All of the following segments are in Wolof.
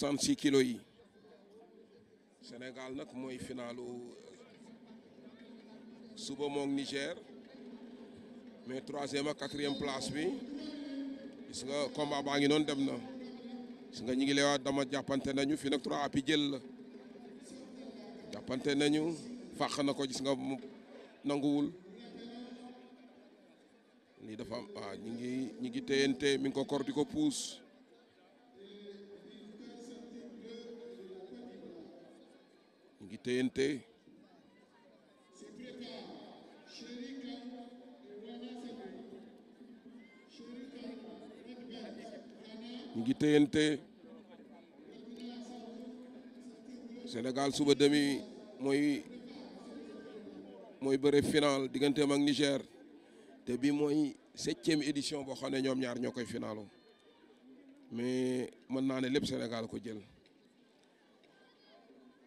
66 kilos yi Sénégal nag mooy finalu suba moog Niger mais troisième ak quatrième place bi gis nga combat baa ngi noonu dem na gis nga ñu ngi leewaat dama jàppante nañu fi nag trois api jël la jàppante nañu fàq na ko gis nga nanguwul lii dafa am ah ñu ngi ñu ngi téyante mi ngi ko kor di ko puus ngi téyante ngi téyante Sénégal suba demi mooy mooy bëre final digganteem ak Niger te bii mooy septième édition boo xam ne ñoom ñaar ñoo koy finaalu mais mën naa ne lépp Sénégal ko jël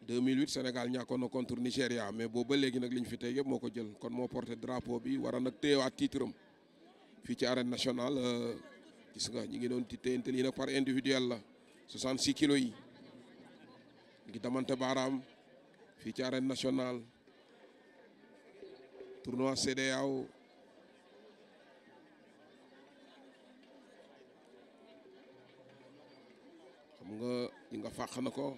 2008 Sénégal ñàkkoon na contre Nigéria mais boobu ba léegi nag li ñu fi tey moo ko jël kon moo porté drapeau bi war a nag téyewaat titre am fii ci arène nationale euh, gis nga ñi ngi doon ti téyante lii par individuel la 66 kilos yi ngi damante baaraam fii ci arène nationale tournoi CEDEAO xam nga ñu nga fàq na ko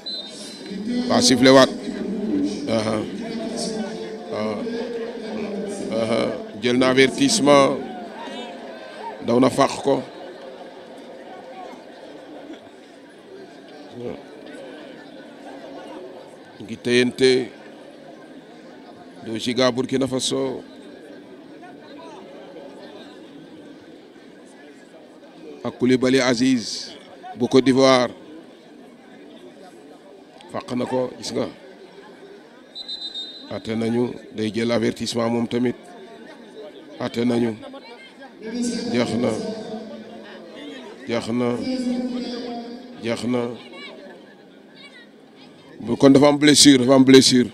waa sifflé waat jël na avertissement daw na fàq ko ngi téyante do jiga Burkina Faso ak Koulibaly Aziz bu Côte d'Ivoire fàq na ko gis nga atte nañu day jël avertissement moom tamit atte nañu jeex na jeex na jeex na bu kon dafa am blessure dafa am blessure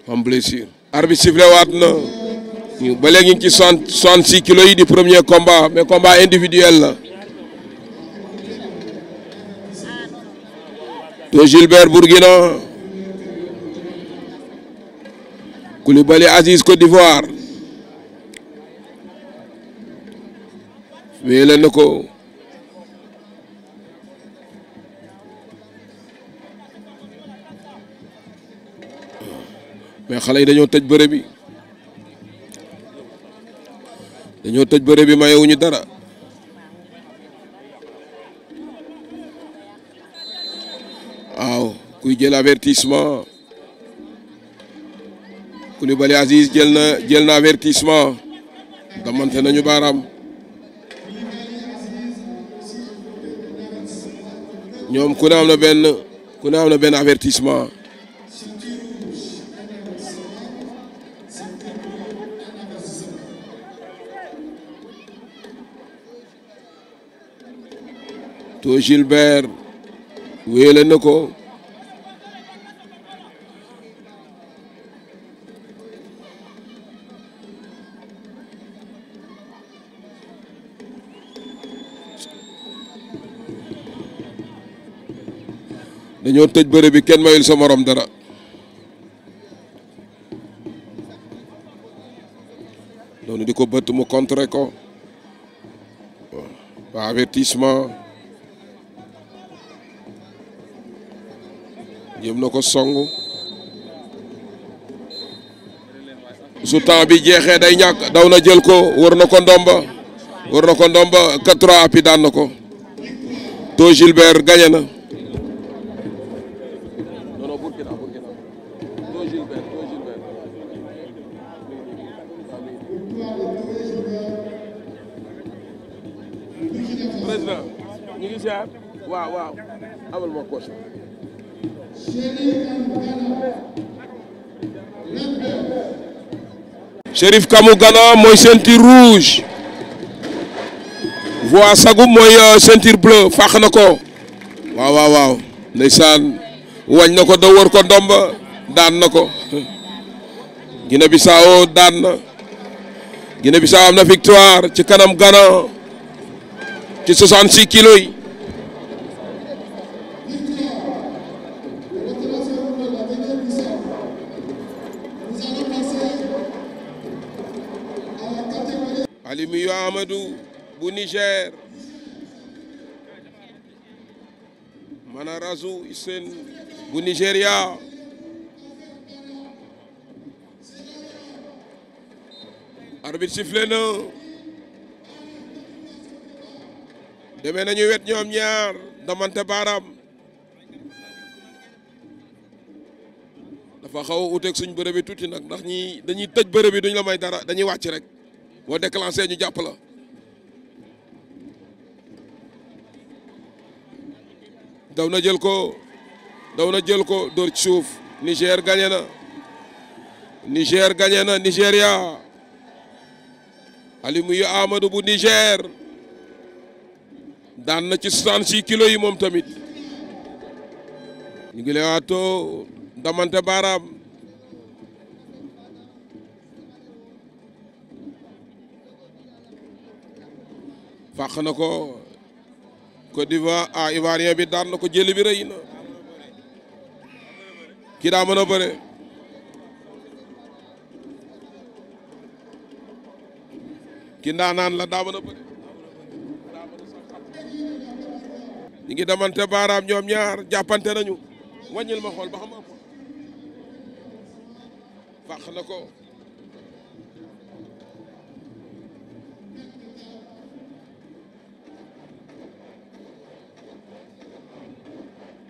dafa am blessure arbitre sifflé waat na ba léegi ñu ngi ci soixante-six kilos yi di premier combat mais combat individuel la to Gilbert Burkina Koulibaly Aziz Côte d'Ivoire weele na ko mai xale yi dañoo toj bëre bi dañoo tëj bëre bi mayewuñu dara waaw ku jël avertissement Koulibaly Aziz jël na jël na avertissement damante nañu baaraam ñoom ku ne benn ku ne na benn avertissement to Gilbert a ne ko dañoo tëj bëre bi kenn mayul sa morom dara noonu di ko bëtt mu contrer ko waa avertissement jëm na ko song su temps bi jeexee day ñàkk daw na jël ko wër na ko ndomba wër na ko ndomba 4 appuis daan na ko to Gilbert gagné Chérif Kamou Gana mooy ceinture rouge voie Sagou mooy euh, ceinture bleu fàq na ko waaw waaw waaw ndeysaan wañ na ko da wër ko ndomba daan na ko Guinée Bissau daan na Guinée Bissau am na victoire ci kanam Gana ci 66 kilos yi Amadou bu Niger Manarazu Hissène bu Nigeria arbitre sifflé na demee nañu wet ñoom ñaar damante baaraam dafa xaw a uteeg suñ bërëb bi tuuti nag ndax ñi dañuy tëj bërëb bi duñ la may dara dañuy wàcc rek boo déclenché ñu jàpp daw na jël ko daw na jël ko dóor ci suuf Niger gagné na Niger gagné na Nigeria Alimuyu Amadou bu Niger daan na ci 66 kilos yi moom tamit ñu ngi leewaatoo damante baaraam fàq na ko Côte d'Ivoire ah Ivoirien bi daan na ko jëli bi rëy na kii daa mën a bëre kii ndaanaan la daa mën a bëre ñi ngi demante baaraam ñoom ñaar jàppante nañu wàññil ma xool ba xam nga fàq na ko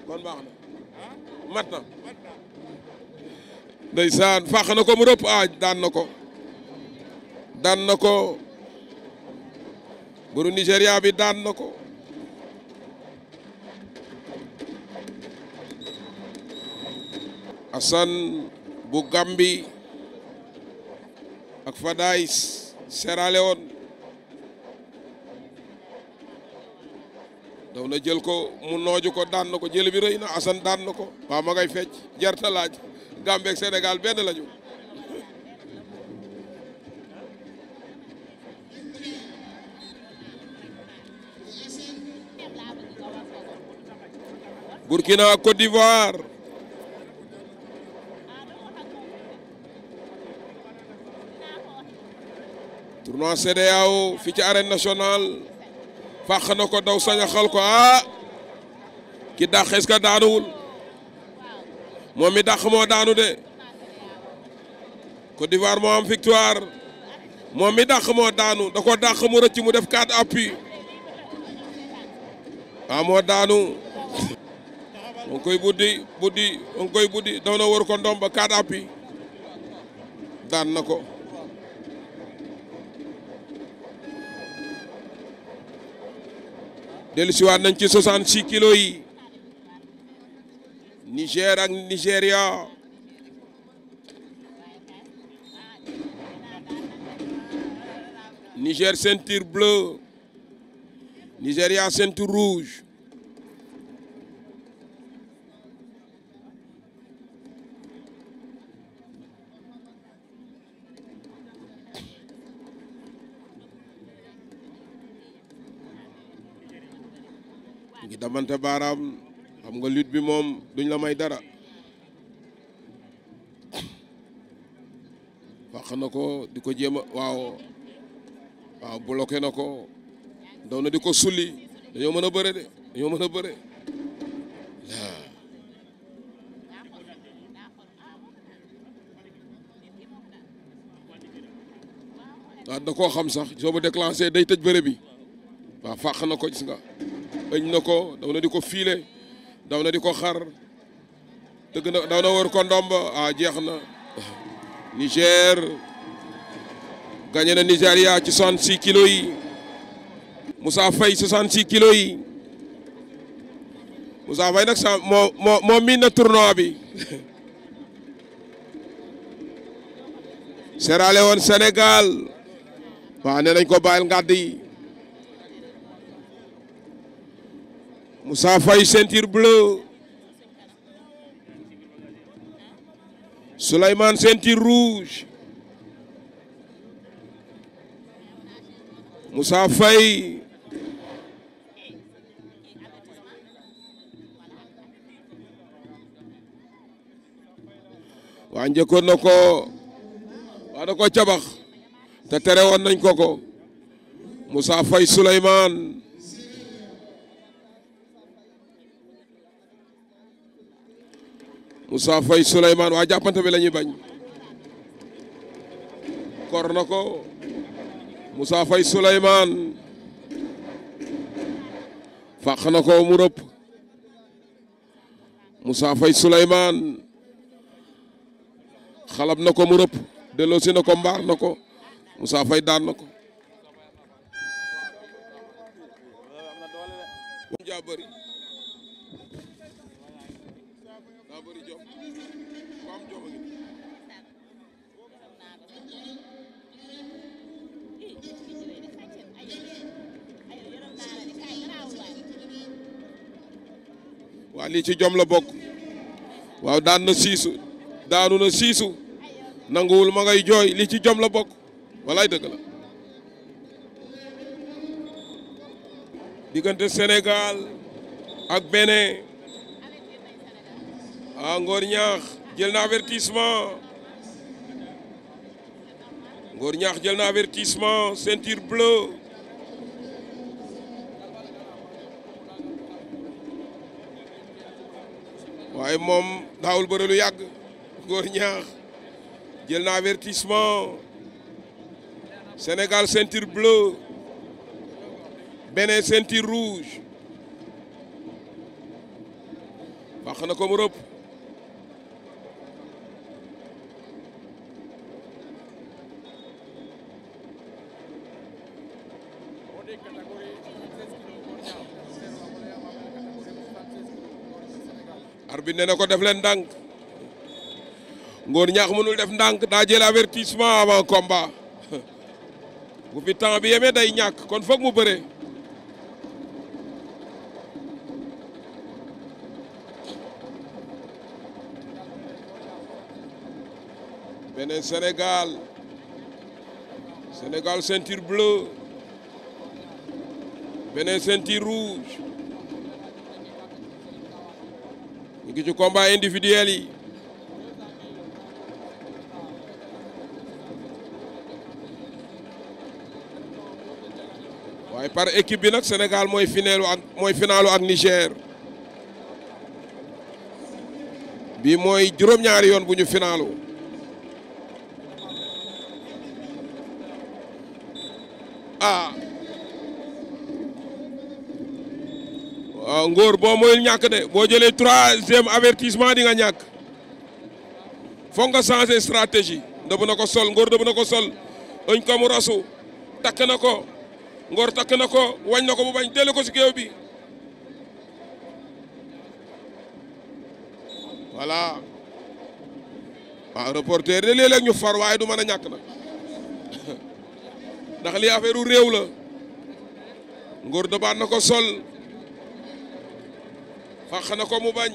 kon baax na mat na ndeysaan fàq na ko mu rëpp a daan na ko daan na ko buru Nigéria bi daan na ko Assane bu Gambi ak Fadaïs Sierra na jël ko mu nooju ko daan na ko jël bi na Assane daan na ko waaw ma fecc jarta laaj Gambie ak Sénégal lañu Burkina Côte d'Ivoire tournoi CEDEAO fii ci arène nationale fàq na ko daw sañaxal ko ah ki dàq est daanuwul moom mi dàq moo daanu de Côte d'Ivoire moo victoire moom mi dàq moo daanu da ko dàq mu rëcc mu def quatre appui ah moo daanu on koy buddi buddi on koy buddi daw na wër ko ndomba quatre appui daan na ko dellu siwaat nañ ci 66 kilos yi Niger ak Nigeria Niger ceinture bleue Nigeria ceinture rouge damante baaraam xam nga lutte bi moom duñ la may dara fàq na ko di ko jéem a waaw waaw bloqué na ko daw na di ko suli dañoo mën a bëre de dañoo mën a bare waaw da koo xam sax soo ba déclenché day tëj bëre bi waaw fàq na ko gis nga ëñ na ko daw na di ko file daw na di ko xar dëgg na daw na wër ko ndomb a ah, jeex na Niger gagné na Nigeria ci 66 kilos yi Moussa Faye 66 kilos yi Moussa Faye nag sa moo na tournoi bi Sierra Leone Sénégal waaw nee ko bàyyil ngàdd yi Moussa Faye ceinture bleue Souleymane ceinture rouge Moussa Faye waa njëkkoon na ko waa da ko cabax te tere woon nañ ko ko Moussa Moussa Faye Souleymane waa jàppante bi lañuy ñuy bañ kor na ko Moussa Faye Souleymane fàq na ko mu rëpp Moussa Faye Souleymane xalab na ko mu rëpp delloosi na ko mbaar na ko Moussa Faye daan na ko waa lii ci jom la bokk waaw daan na siisu daanu na siisu nanguwul ma ngay jooy lii ci jom la bokk walaay dëgg la Sénégal ak Bénin a ah, Ngor ñaax jël na avertissement Ngor ñaax jël na avertissement ceinture bleue waaye moom daawul bëre lu yàgg góor ñaax jël na avertissement Sénégal ceinture bleue Bénin ceinture rouge wax na ko mu rëpp arbitre nee na ko def leen ndànk Ngor ñaax mënul def ndànk daa jël avertissement avant combat bu fi temps bi yemee day ñàkk kon foog mu bare beneen Sénégal Sénégal ceinture bleue beneen ceinture rouge ñu ngi ci combat waaye par équipe bi nag Sénégal mooy finalu ak mooy Niger bi mooy juróom-ñaari yoon bu ñu finalu ah waaw ngóor boo moyul ñàkk de boo jëlee troisième avertissement di nga ñàkk foog nga changer stratégie dëbb na ko sol ngóor dëbb na ko sol añ ko mu rasu takk na ko ngóor takk na ko wañ na ko mu bañ dellu ko si géew bi voilà waaw reporter de léeg-léeg ñu far waaye du mën a ñàkk nag ndax li affaire u réew la ngóor dëbbaat na ko sol fàq na ko mu bañ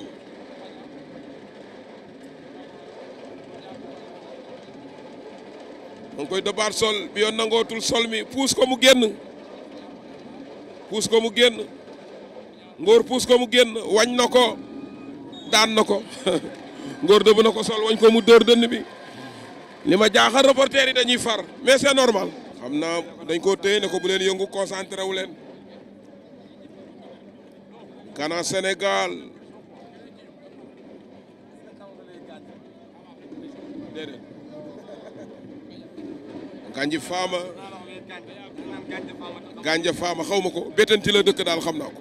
mu koy dëbaat sol bi yoon nangootul sol mi puus ko mu génn puus ko mu génn ngóor puus ko mu génn wañ na ko daan na ko ngóor dëbb na ko sol wañ ko mu dóor dënn bi li ma jaaxal reporter yi dañuy far mais c'est normal xam naa dañ ko téye ko bu leen yëngu concentré wu leen Kana Sénégal Gandia Fama Gandia Fama xaw ma ko bétanti la dëkk daal xam naa ko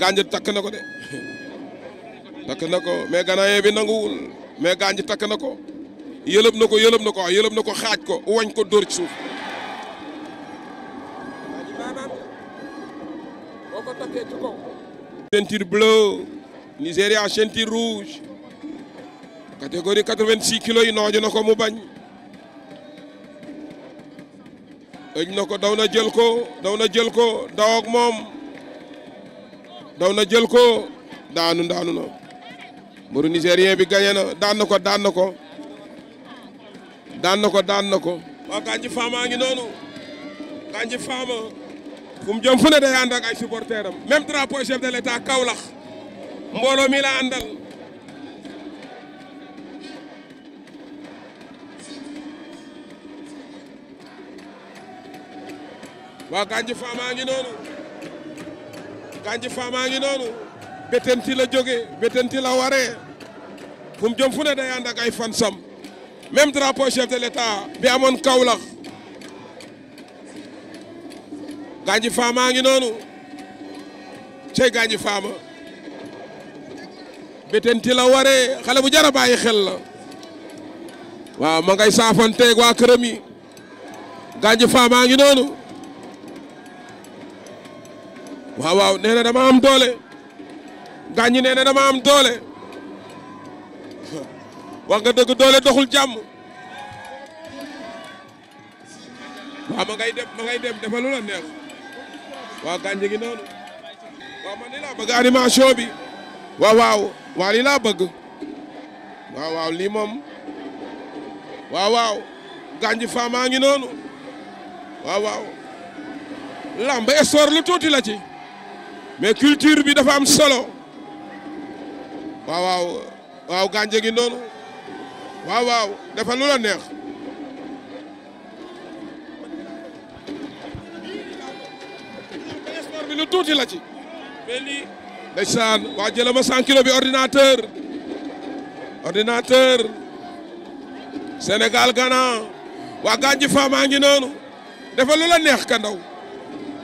Gandia takk na ko de takk na ko mais ganaaye bi nanguwul mais Gandia takk na ko yëlëb na ko yëlëb na ko waaw yëlëb na ko xaaj ko wañ ko dóor ci suuf ceinture bleue Nigéria ceinture rouge catégorie 86 kilos yi nooju na ko mu bañ ëñ na ko daw na jël ko daw na jël ko daw ak moom daw na jël ko daanu daanu na mburu nigérien bi gagné na daan na ko daan na ko daan na ko daan na ko waa Kandji Fama noonu Kandji Fama fu jom jëm fu ne day ànd ak ay supporteurs am même drapeau chef de la àndal. waa Ganji Fama ngi noonu Ganji Fama ngi noonu Bettenty la jógee Bettenty la waree fu mu jëm fu ne day ànd ak ay fan sam même drapeau chef bi amoon Kaolack. Ganji Fama ngi noonu cey Ganji Fama betenti la waree xale bu jar a bàyyi xel la waaw ma ngay saafanteeg waa këram yi Ganji Fama ngi noonu waaw waaw nee dama am doole Ganji nee na dama am doole wax nga dëgg doole doxul jàmm waaw ma ngay dem ngay dem defal lu la neex waaw gàncax gi noonu waaw man lii laa bëgg animation bi waaw waaw waaw lii laa bëgg waaw waaw lii moom waaw waaw gàncax faamaa ngi noonu waaw waaw làmb estor lu tuuti la ci mais culture bi dafa am solo waaw waaw waaw gi noonu waaw waaw dafa lu la neex. lu tuuti la ci. mais lii. waa jëla kilo bi ordinateur. ordinateur. Sénégal Ghana. waa Gadji Fama ngi noonu. dafa lu la neex ka ndaw.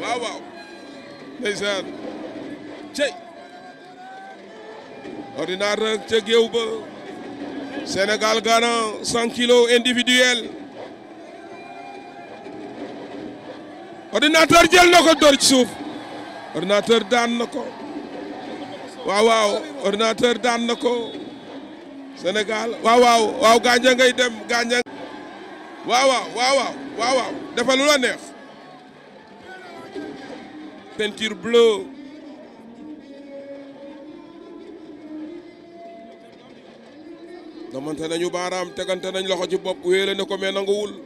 waaw waaw. ndeysaan. cey. ordinateur ca géew ba. Sénégal Ghana 100 kilos individuel. ordinateur jël na ko dóor ci suuf. ordinateur daan na ko waaw waaw ordinateur daan na ko Sénégal waaw waaw waaw gaaña ngay dem gaaña waaw waaw waaw waaw waaw dafa lu la neex peinture bleue damante nañu baaraam tegante nañ loxo ci bopp wéele ne ko mais nanguwul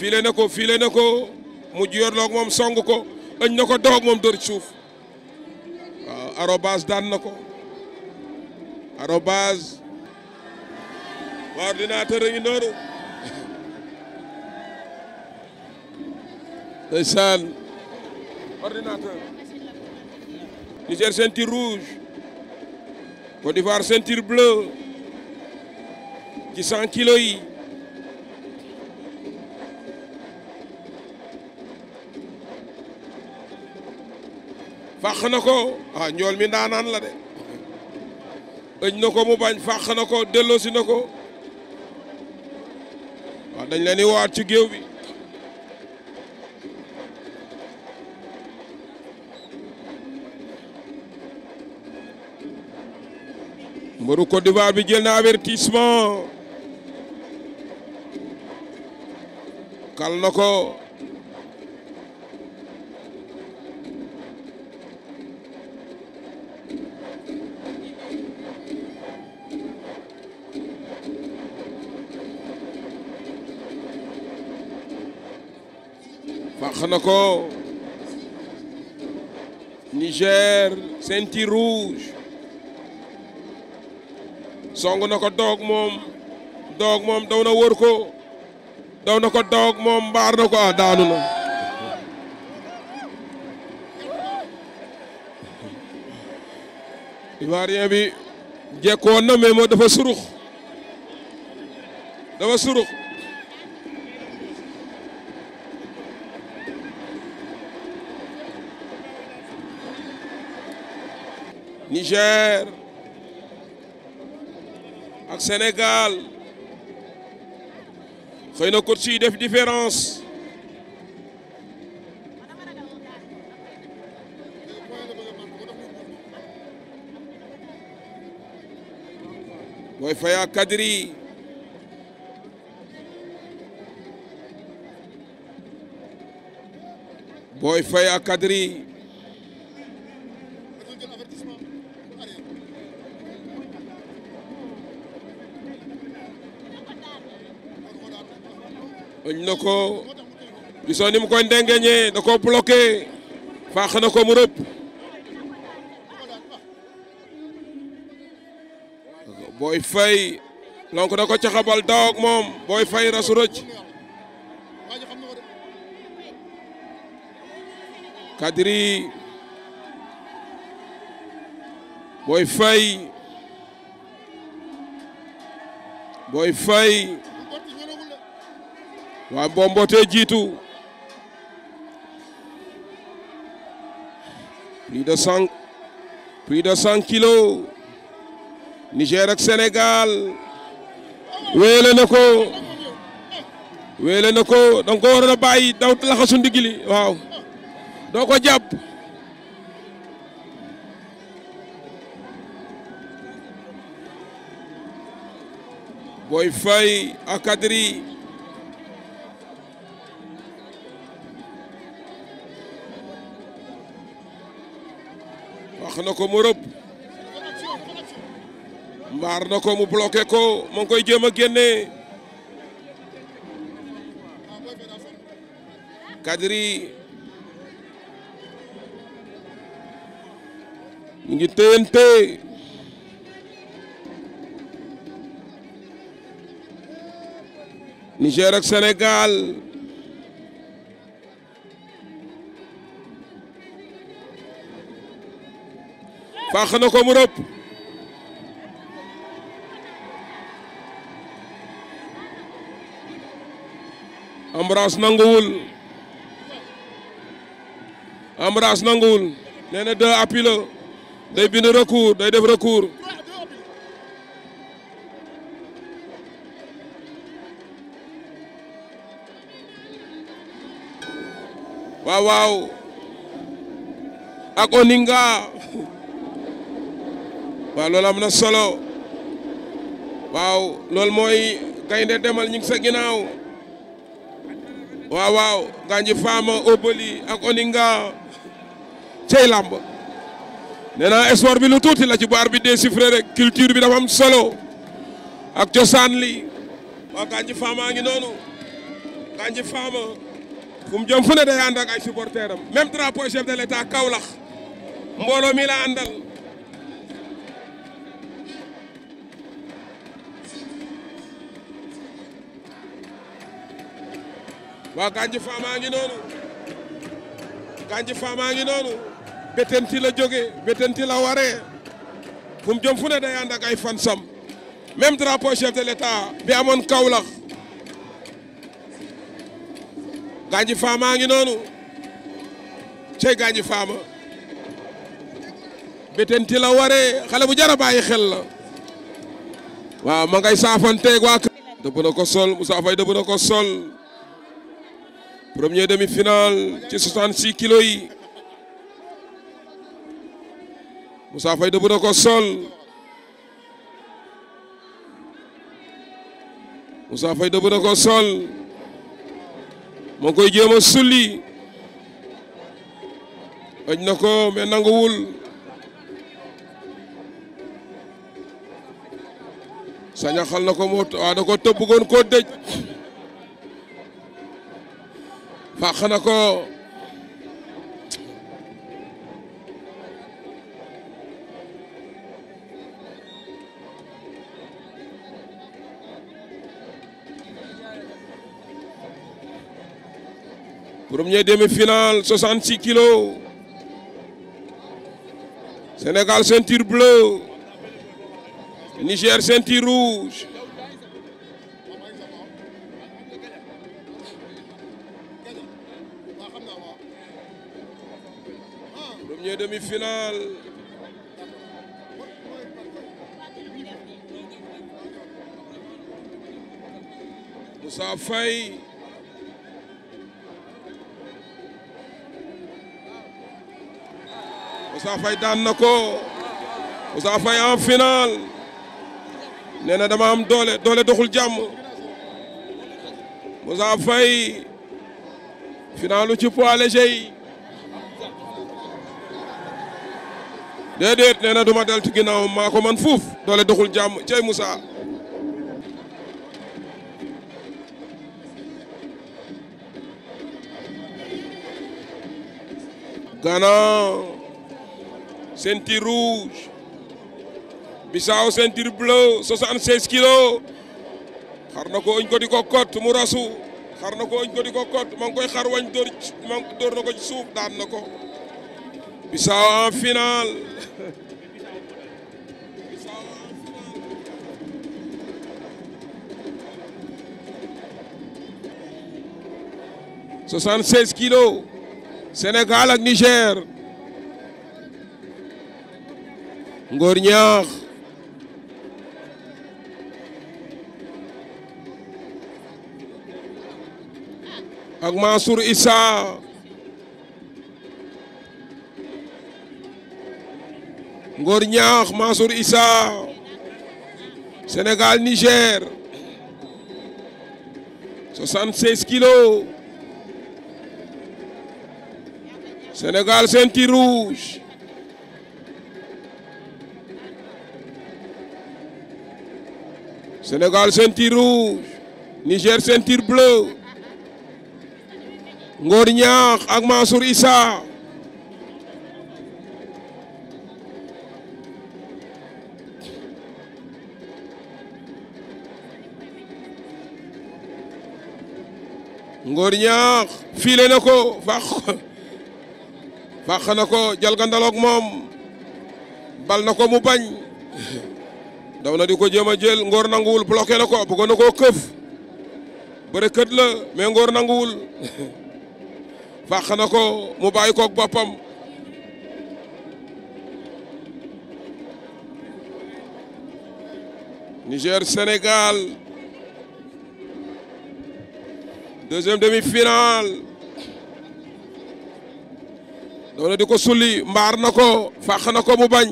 fiile na ko fiile na ko mu jiyorloog moom song ko añ na ko doog moom dër ci suuf waaw arobase na ko arobase waa ordinateur a ngi noonu ndeysaan ordinateur Niger ceinture rouge Côte d'Ivoire ceinture bleue ci 100 kilos fàq na ko ah njool mi ndaanaan la de ëj na ko mu bañ fàq na ko delloosi na ko waaw ah, dañ leen di waat ci géew bi mbëru Côte d'Ivoire bi jël na avertissement kal na ko wax na ko Niger ceinture song na ko doog moom doog moom daw na wër ko daw na ko doog moom mbaar na ko a ah, daanu na Ivoirien bi jekkoon na mais moo dafa surux dafa surux Niger ak Sénégal xëy na coach yi def différence Boy Faye ak Kadri Boy Faye ak Kadri bañ na ko gisoo ni mu koy ko mu fay lonk na ko caxabal daw ak moom booy fay rasu rëcc kadri booy waa Mbomboote jiitu plus de cent plus de cent kilos Niger ak Sénégal weele na ko weele na ko danga ko waroon a bàyyi daw laxasu ndigili waaw doo ko jàpp Boy Faye Kadri wax ko mu rëbb na ko mu bloqué ko moo ngi koy jéem a génne Kadri ñu ngi téyante Niger ak Sénégal fàq na ko mu rëpp Ambroise nanguwul Ambroise nanguwul nee na day bind recours day def recours waaw waaw ak waaw loolu am na solo waaw loolu mooy gaynde demal ñu ngi sa ginnaaw waaw waaw Ganji Fama Oboli ak Oninga cey làmb nee naa espoir bi lu tuuti la ci bu arbitre bi déchiffré rek culture bi dafa am solo ak cosaan li waaw Ganji Fama ngi noonu Ganji Fama fu mu jëm fu ne day ànd ak ay supporteram même drapeau de l'état Kaolack mbooloo mi la àndal waaw Gandia Fama ngi noonu Gandia Fama ngi noonu Bettenty la jógee Bettenty la waree fu mu jëm fu ne day ànd ak ay de l'État bi amoon Kaolack Gandia Fama ngi noonu cey Gandia Fama Bettenty la waree xale bu jar xel la waaw ma ngay saafanteeg waa dëbb na ko dëbb na ko promier demi-finale ci 66 kilos yi Moussa Faye na ko sol Moussa Faye na ko sol moo koy jéem a sulli ëj na ko mais nanguwul sañaxal na ko moo waaw da ko koo dëj fàq na ko premier demi-finale 66 kilos Sénégal ceinture demi-finale Moussa Faye Moussa Faye daan na ko Moussa Faye en finale nee na dama am doole doole doxul jàmm Moussa Faye finalu ci poids léger yi déedéet nee na du ma dal ci ginnaawam maa ko man fuuf doole doxul jàmm cey Moussa Ghana ceinture rouge Bissau ceinture bleue 76 kilos na ko ëñ ko di ko kot mu rasu xar na ko ëñ ko di ko kot ma ngi koy xar wañ dóor ma ci suuf daan na ko Bissau en finale soixante seize Sénégal ak Niger Ngor ak Mansour Issa Ngor Niakh Mansour Issa Sénégal Niger 76 kilos Sénégal ceinture rouge Sénégal ceinture rouge Niger ceinture bleue Ngor Niakh ak Mansour Issa Ngor ñaax fiile na ko fàq fàq na ko jalgandaloog moom bal na ko mu bañ daw na di ko jéem a jël ngoor nanguwul bloqué na ko bëggoon na koo këf bëre kët la mais nanguwul fàq na ko mu bàyyi koog boppam Niger Sénégal deuxième demi-finale doona di ko sulli mbaar na ko fàq na ko mu bañ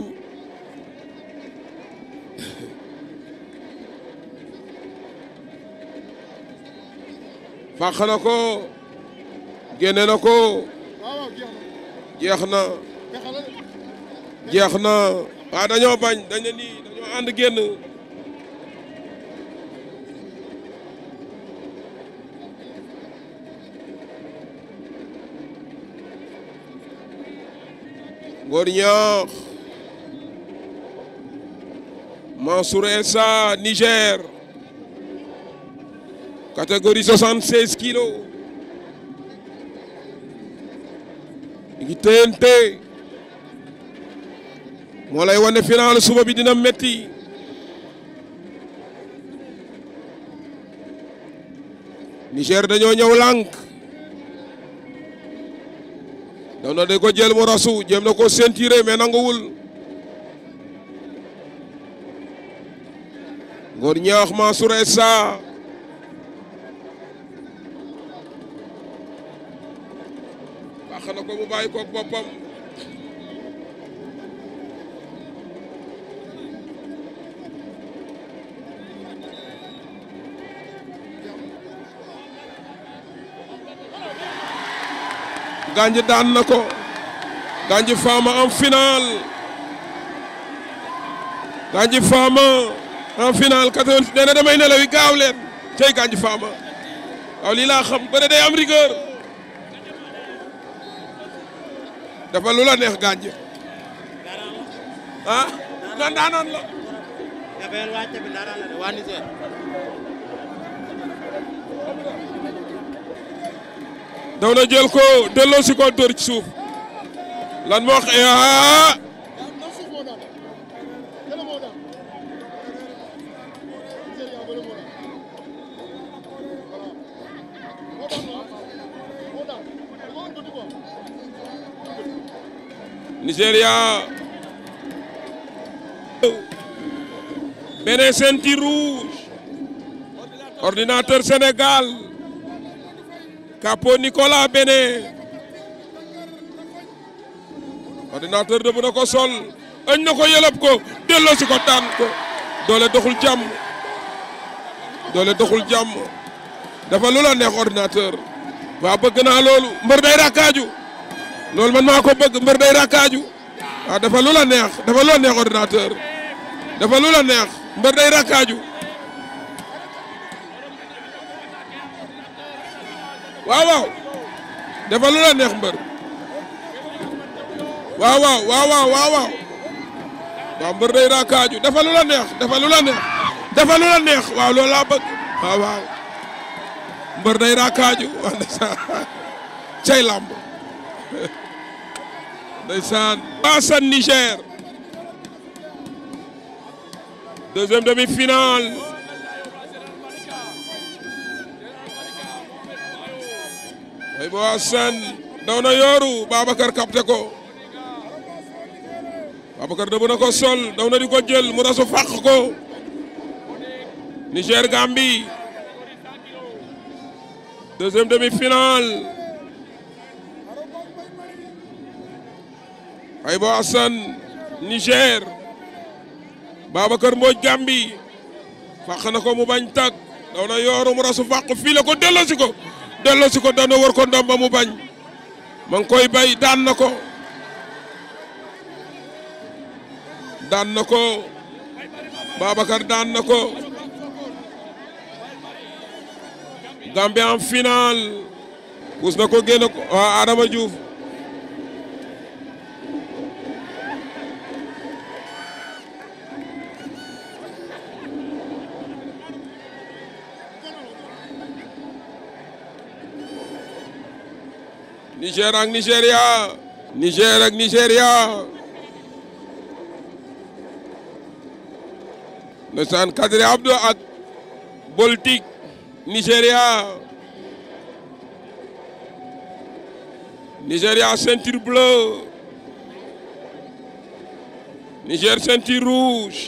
fàq na ko génne na ko jeex na jeex na waaw dañoo bañ dañu nii dañoo ànd génn Ngor Niakh Mansour Essa Niger catégorie 76 kilos ñu ngi téyante moo wane final suba bi dina metti Niger dañoo ñëw lànk doon na de ko jël mu rasu jéem na ko sentiré mais nanguwul Ngor Ñaax Mansour Essa baax na ko mu bàyyi ko boppam Gandia daan na ko Gandia Fama en final Gandia Fama en final 88 nee na damay nelaw gaaw leen tey Gandia Fama waaw lii xam ba day am rigueur dafa lu neex Gandia ah nan daanoon la. daw na jël ko delloo ko dóor ci suuf lan moo wax eh, aa ah, ah. Nigéria beneen ceinture rouge ordinateur Sénégal Capo nikola Bene ordinateur dëbb na ko sol añ na ko yëlëb ko delloo si ko daan ko doole doxul jàmm doole doxul jàmm dafa lu la neex ordinateur waa bëgg naa loolu mbër day rakkaaju loolu man maa ko bëgg mbër day rakkaaju waaw dafa lu la neex dafa lu la neex ordinateur dafa lu la neex mbër day rakkaaju waaw waaw dafa lu la neex mbër waaw waaw waaw waaw waaw waaw mbër day raa kaaju dafa lu la neex dafa lu la neex dafa lu la neex waaw loolu laa bëgg waaw waaw mbër day raa kaaju waaw ndeysaan cay làmb ndeysaan Assane Niger deuxième demi-finale ay bo asan daw na yooru Babacar capté ko Babacar dëbb na sol daw di ko jël mu rasu fàq ko Niger Gambie deuxième demi-finale ay bo asan Niger Babacar Mbodj Gambie fàq na ko mu bañ tag daw na yooru mu rasu fàq fii la ko delloo si ko dana war ko ndam ba mu bañ ma koy bay daan na ko daan na ko Babacar daan na ko Gambie en final puus na ko génn ko waaw ah, Adama Diouf Niger ak Nigeria Niger ak Nigeria ndeysaan Kadri Abdou ak Boltik Nigeria Nigeria ceinture bleue Niger ceinture rouge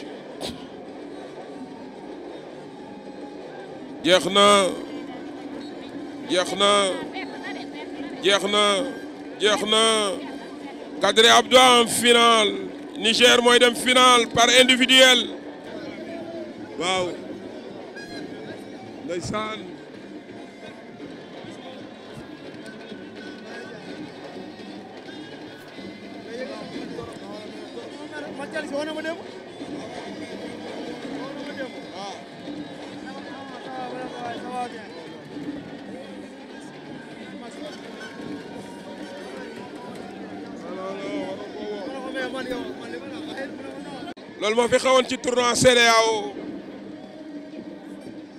jeex na jeex na jeex na jeex na Kadri Abdou en final Niger mooy dem final par individuel waaw ndeysaan loolu moo fi xewoon ci tournoi CEDEAO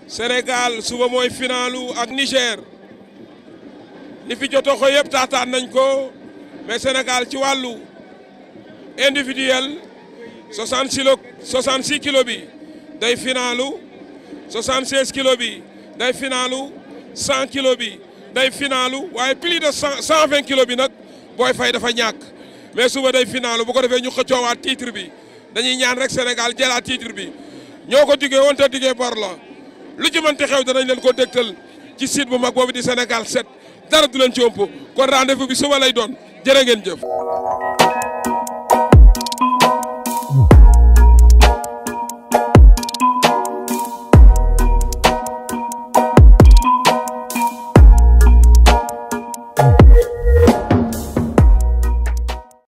Sénégal suba mooy finalu ak Niger li fi jotoo ko yëpp taataan nañ ko mais Sénégal ci wàllu individuel 60 kilo 66 kilo bi day finalu 76 kilo bi day finalu 100 kilo bi day finalu waaye plus de 100 120 kilo bi nag booy fay dafa ñàkk. mais suba day finaalu bu ko defee ñu xëccoowaat titre bi dañuy ñaan rek Sénégal jëlaat titre bi ñoo ko diggee woon te diggee bor la lu ci mënti xew danañ leen ko dégtal ci site bu mag boobu di Sénégal 7 dara du leen ci ëmp kon rendez-vous bi suba lay doon jërë ngeen jëf.